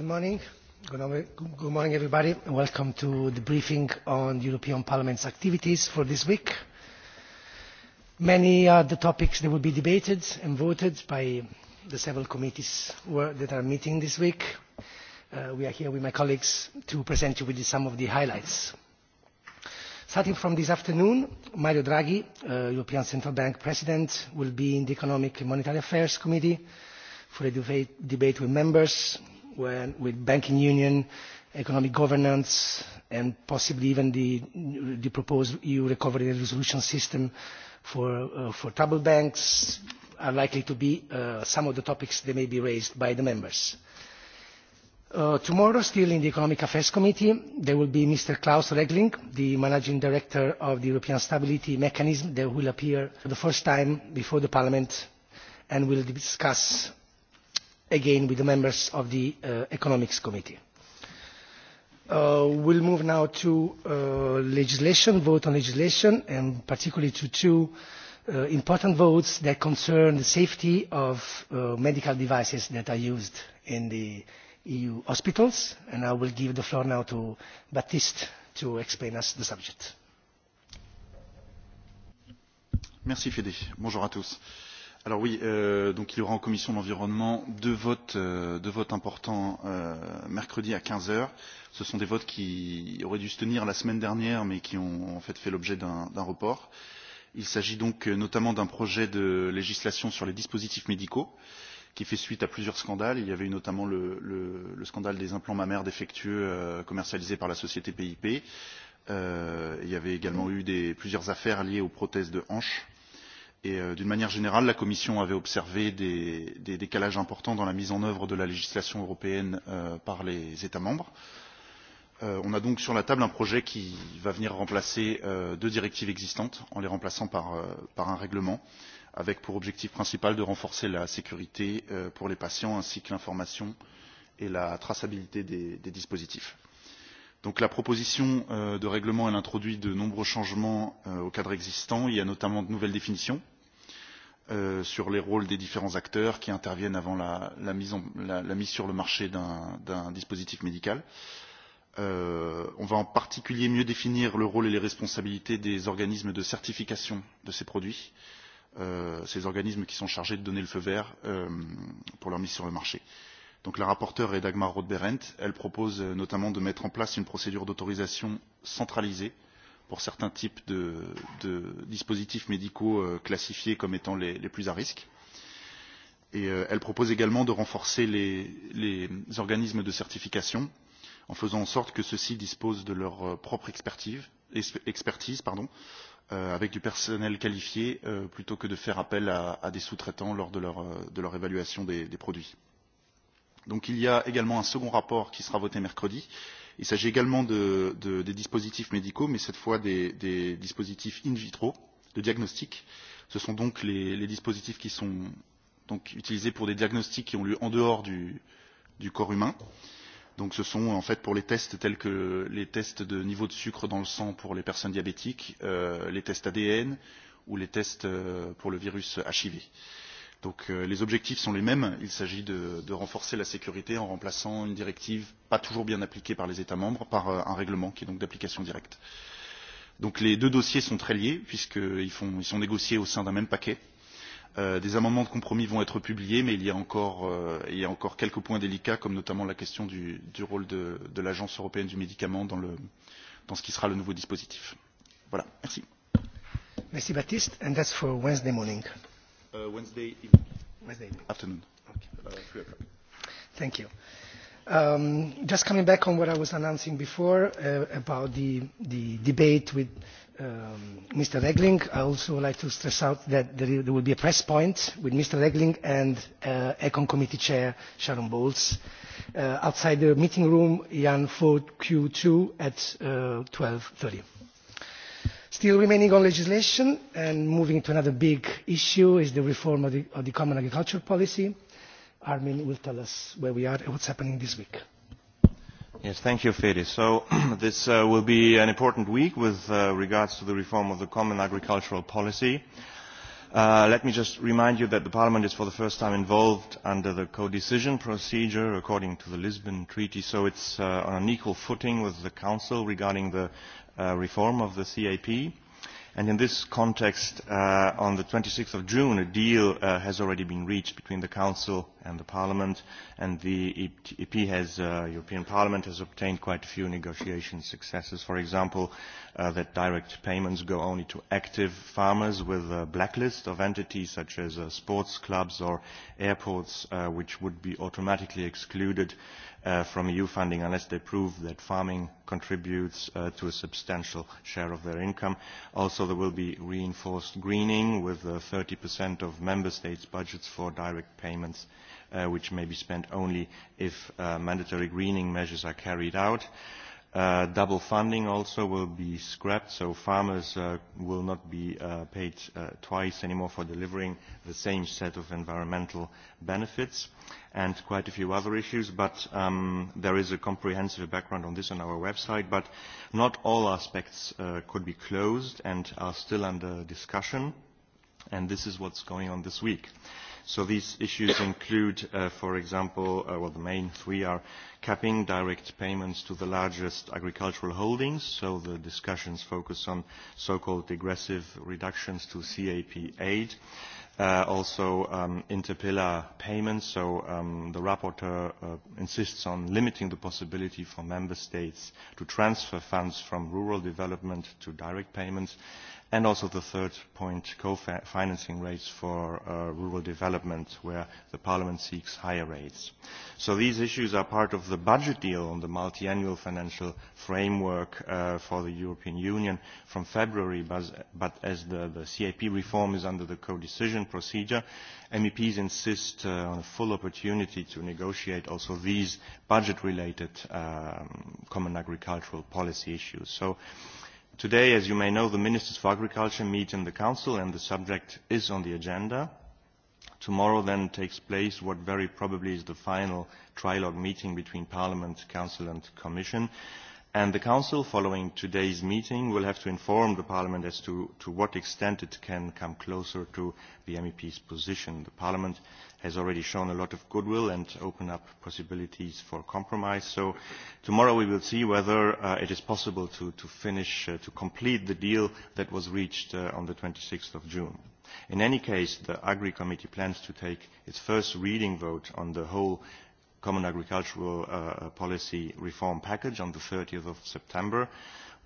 Good morning. Good morning, everybody, and welcome to the briefing on the European Parliament's activities for this week. Many are the topics that will be debated and voted by the several committees that are meeting this week. We are here with my colleagues to present you with some of the highlights. Starting from this afternoon, Mario Draghi, European Central Bank President, will be in the Economic and Monetary Affairs Committee for a debate with members with banking union, economic governance and possibly even the proposed EU recovery and resolution system for troubled banks are likely to be some of the topics that may be raised by the members. Tomorrow, still in the Economic Affairs Committee, there will be Mr. Klaus Regling, the Managing Director of the European Stability Mechanism, that will appear for the first time before the Parliament and will discuss again with the members of the Economics Committee. We will move now to legislation, vote on legislation, and particularly to two important votes that concern the safety of medical devices that are used in the EU hospitals. And I will give the floor now to Baptiste to explain us the subject. Alors oui, donc il y aura en commission de l'environnement deux votes, deux votes importants mercredi à 15h. Ce sont des votes qui auraient dû se tenir la semaine dernière, mais qui ont en fait fait l'objet d'un report. Il s'agit donc notamment d'un projet de législation sur les dispositifs médicaux, qui fait suite à plusieurs scandales. Il y avait eu notamment le scandale des implants mammaires défectueux commercialisés par la société PIP. Il y avait également eu plusieurs affaires liées aux prothèses de hanches Et d'une manière générale, la Commission avait observé des décalages importants dans la mise en œuvre de la législation européenne par les États membres. On a donc sur la table un projet qui va venir remplacer deux directives existantes en les remplaçant par un règlement avec pour objectif principal de renforcer la sécurité pour les patients ainsi que l'information et la traçabilité des dispositifs. Donc la proposition de règlement elle introduit de nombreux changements au cadre existant, il y a notamment de nouvelles définitions sur les rôles des différents acteurs qui interviennent avant la mise sur le marché d'un dispositif médical. On va en particulier mieux définir le rôle et les responsabilités des organismes de certification de ces produits, ces organismes qui sont chargés de donner le feu vert pour leur mise sur le marché. Donc la rapporteure est Dagmar roth Elle propose notamment de mettre en place une procédure d'autorisation centralisée pour certains types de dispositifs médicaux classifiés comme étant les plus à risque. Et elle propose également de renforcer les organismes de certification en faisant en sorte que ceux-ci disposent de leur propre expertise avec du personnel qualifié plutôt que de faire appel à des sous-traitants lors de leur évaluation des produits. Donc il y a également un second rapport qui sera voté mercredi Il s'agit également de, des dispositifs médicaux, mais cette fois des, des dispositifs in vitro de diagnostic. Ce sont donc les, les dispositifs qui sont donc utilisés pour des diagnostics qui ont lieu en dehors du, du corps humain. Donc ce sont en fait pour les tests tels que les tests de niveau de sucre dans le sang pour les personnes diabétiques, les tests ADN ou les tests pour le virus HIV. Donc les objectifs sont les mêmes. Il s'agit de renforcer la sécurité en remplaçant une directive pas toujours bien appliquée par les États membres par un règlement qui est donc d'application directe. Donc les deux dossiers sont très liés puisqu'ils sont négociés au sein d'un même paquet. Des amendements de compromis vont être publiés, mais il y a encore quelques points délicats, comme notamment la question du rôle de l'Agence européenne du médicament dans ce qui sera le nouveau dispositif. Voilà, merci. Merci Baptiste, and that's for Wednesday morning. Wednesday afternoon. Thank you. Just coming back on what I was announcing before about the debate with Mr. Regling, I also would like to stress out that there will be a press point with Mr. Regling and Econ Committee Chair Sharon Bowles outside the meeting room, Jan 4Q2 at 12.30. Still remaining on legislation and moving to another big issue is the reform of the common agricultural policy. Armin will tell us where we are and what's happening this week. Yes, thank you, Fede. So this will be an important week with regards to the reform of the common agricultural policy. Let me just remind you that Parliament is for the first time involved under the codecision procedure according to the Lisbon Treaty, so it is on an equal footing with the Council regarding the reform of the CAP in this context, on the 26th of June, a deal has already been reached between the Council and the Parliament, and the EP has, European Parliament has obtained quite a few negotiation successes. For example, that direct payments go only to active farmers with a blacklist of entities such as sports clubs or airports, which would be automatically excluded from EU funding unless they prove that farming contributes to a substantial share of their income. Also, there will be reinforced greening with 30% of member states' budgets for direct payments which may be spent only if mandatory greening measures are carried out. Double funding also will be scrapped, so farmers will not be paid twice anymore for delivering the same set of environmental benefits, and quite a few other issues. But there is a comprehensive background on this on our website. But not all aspects could be closed and are still under discussion, and this is what's going on this week. So these issues include, for example, well, the main three are capping direct payments to the largest agricultural holdings. So the discussions focus on so-called aggressive reductions to CAP aid. Also, interpillar payments. So the rapporteur insists on limiting the possibility for member states to transfer funds from rural development to direct payments and also the third point co-financing rates for rural development where the parliament seeks higher rates so these issues are part of the budget deal on the multiannual financial framework for the european union from february but as the cap reform is under the co-decision procedure meps insist on a full opportunity to negotiate also these budget related common agricultural policy issues so Today, as you may know, the Ministers for Agriculture meet in the Council and the subject is on the agenda. Tomorrow then takes place what very probably is the final trilogue meeting between Parliament, Council and Commission and the council following today's meeting will have to inform the parliament as to what extent it can come closer to the mep's position parliament has already shown a lot of goodwill and opened up possibilities for compromise so tomorrow we will see whether it is possible to finish to complete the deal that was reached on the six of june in any case the agri committee plans to take its first reading vote on the whole common agricultural policy reform package on the 30th of September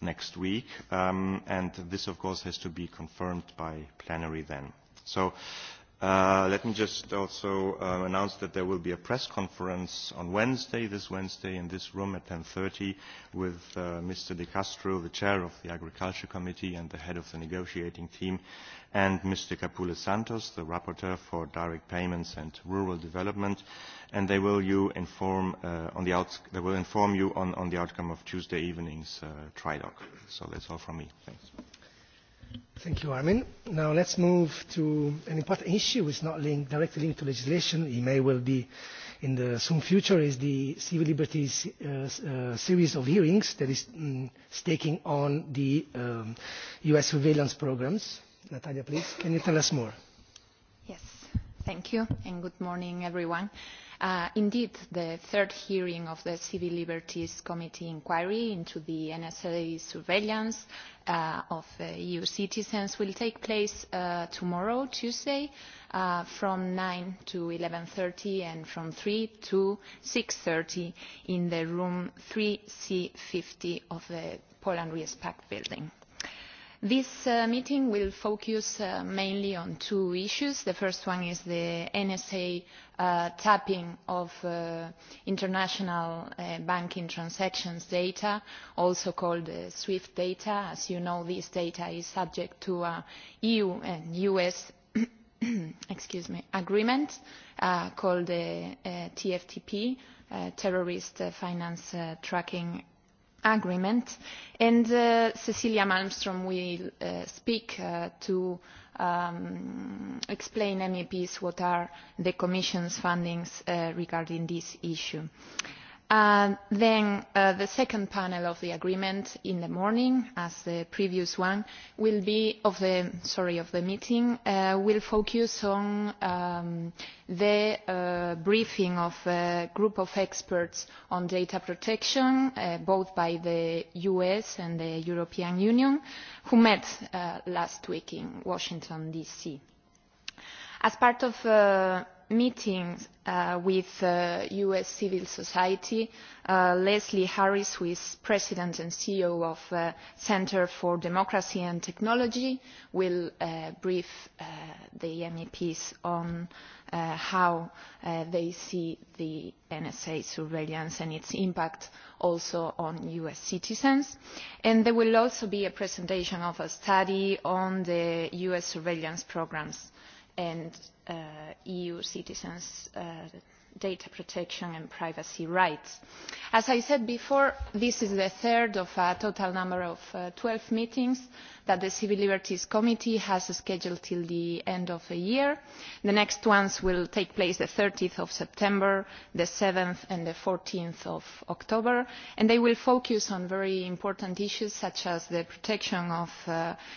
next week. And this, of course, has to be confirmed by plenary then. So Let me just also announce that there will be a press conference on Wednesday, this Wednesday, in this room at 10.30 with Mr. De Castro, the chair of the Agriculture Committee and the head of the negotiating team, and Mr. Capula Santos, the rapporteur for direct payments and rural development, and they will you inform on the they will inform you on the outcome of Tuesday evening's trilogue. So that's all from me. Thanks. Thank you, Armin. Now let's move to an important issue which is not linked, directly linked to legislation. It may well be in the soon future is the civil liberties series of hearings that is staking on the U.S. surveillance programs. Natalia, please, can you tell us more? Yes, thank you, and good morning, everyone. Indeed, the third hearing of the Civil Liberties Committee inquiry into the NSA surveillance of EU citizens will take place tomorrow, Tuesday, from 9 to 11.30 and from 3 to 6.30 in the room 3C50 of the Poland Respect building. This meeting will focus mainly on two issues. The first one is the NSA tapping of international banking transactions data, also called SWIFT data. As you know, this data is subject to a EU and US agreement called the TFTP, Terrorist Finance Tracking agreement. And Cecilia Malmström will speak to explain MEPs what are the Commission's fundings regarding this issue. Then the second panel of the agreement in the morning, as the previous one, will be of the sorry of the meeting will focus on the briefing of a group of experts on data protection, both by the US and the European Union, who met last week in Washington DC. As part of meetings with US civil society, Leslie Harris, who is President and CEO of the Center for Democracy and Technology, will brief the MEPs on how they see the NSA surveillance and its impact also on US citizens. And there will also be a presentation of a study on the US surveillance programs and EU citizens data protection and privacy rights. As I said before, this is the third of a total number of 12 meetings that the Civil Liberties Committee has scheduled till the end of the year. The next ones will take place the 30 September, the 7 and the 14 of October, and they will focus on very important issues such as the protection of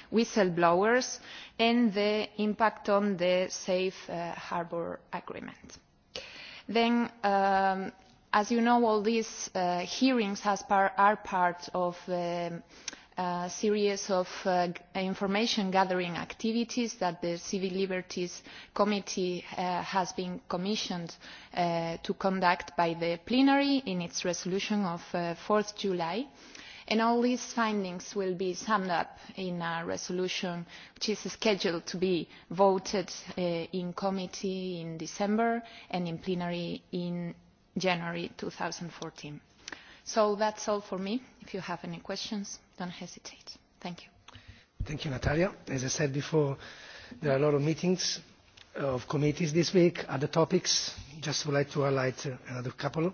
whistle-blowers and the impact on the Safe Harbour Agreement. Then, as you know, all these hearings are part of a series of information gathering activities that the Civil Liberties Committee has been commissioned to conduct by the plenary in its resolution of 4 July and all these findings will be summed up in a resolution which is scheduled to be voted in committee in december and in plenary in january 2014 so that's all for me if you have any questions don't hesitate thank you thank you natalia as i said before there are a lot of meetings of committees this week other topics just would like to highlight another couple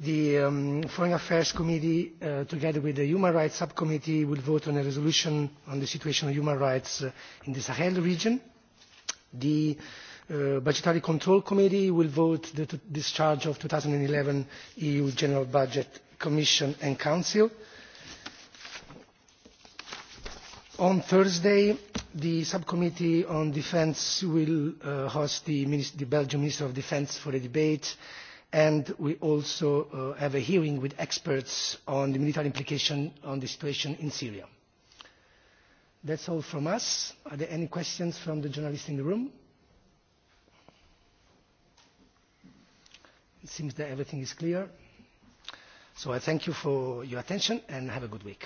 The Foreign Affairs Committee, together with the Human Rights Subcommittee, will vote on a resolution on the situation of human rights in the Sahel region. The Budgetary Control Committee will vote the discharge of 2011 EU General Budget, Commission and Council. On Thursday, the Subcommittee on Defence will host the Belgian Minister of Defence for a debate and we also have a hearing with experts on the military implication on the situation in Syria. That's all from us. Are there any questions from the journalists in the room? It seems that everything is clear. So I thank you for your attention and have a good week.